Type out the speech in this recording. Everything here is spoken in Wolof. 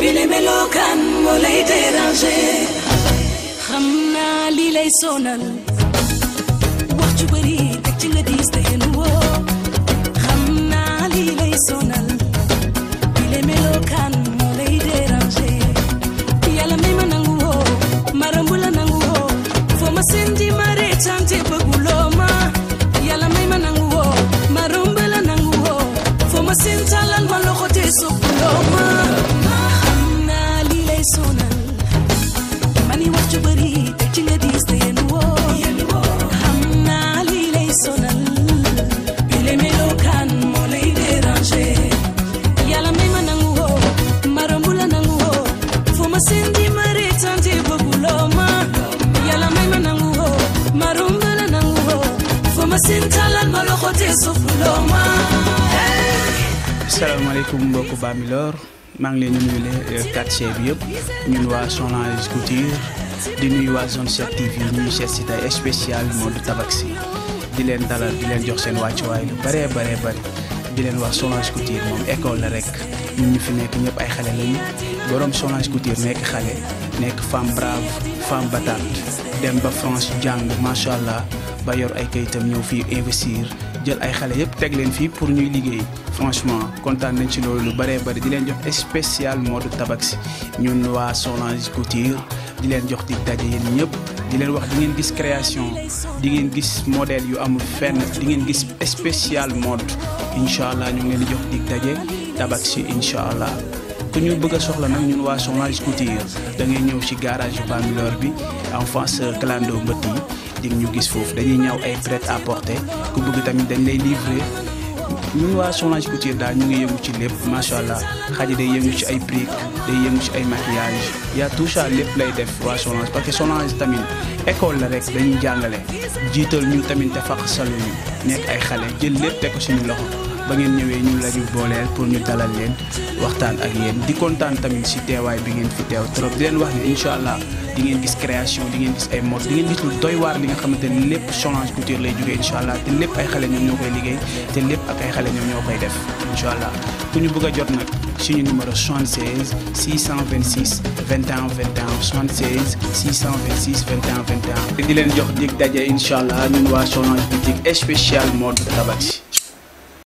bile melokaan moo lay déranger xam naa lii lay sonal wax ju bari teg ci nga diis te yéen woo asalaamaaleykum mbokku Bambilor maa ngi leen di nuyu waa zone 7 TV ñuy seet si tey spécial mode tabaski di leen dalal di leen jox seen wàccuwaay lu bëree bëree bëri di leen wax Solange Couture moom école la rek ñun ñu fi nekk ñëpp ay xale lañu borom Solange Couture nekk xale nekk femme brave femme battante dem ba France jàng macha allah ba yor ay kayitam ñëw fii investir. ay pour ñuy liggéey franchement kontaan nañ ci loolu lu bëree de di leen jox spécial mode tabax ñun waa Solange Couture di leen jox di daje yéen di leen wax di gis création di ngeen gis modèle yu amul fenn di ngeen gis spécial mode incha ñu ngi jox di daje tabax incha ku ñu bëgg soxla ñun Couture da ngay en face nous ñu gis fofu dañuy ñaw ay prêt à porter ku bëgg tamit dañ lay livrer ñun waa Solange Couture daal ñu ngi yëngu ci lépp macha allah xaji ci ay day yëngu ci ay maquillage a tout ça lépp lay def waa Solange parce que Solange école la rek dañuy jàngale jiital tamit te faq salu ay xale jël lépp te ko suñu ba ngeen ñëwee ñun la booleel pour ñu dalal leen waxtaan ak yéen di kontaan tamit si teewaay bi ngeen fi teew trop di leen wax ne incha allah di ngeen gis création di ngeen gis ay mode di ngeen gis lu doy waar li nga xamante ni lépp Solange Couture lay jógee incha allah te lépp ay xale koy liggéey te lépp ak ay ñoo koy def incha allah ñu bëgg a jot nag suñu numéro 76 626 21 21 76 626 21 21. di leen jox dig daje incha allah ñun waa Solange boutique spécial mode Tabaski.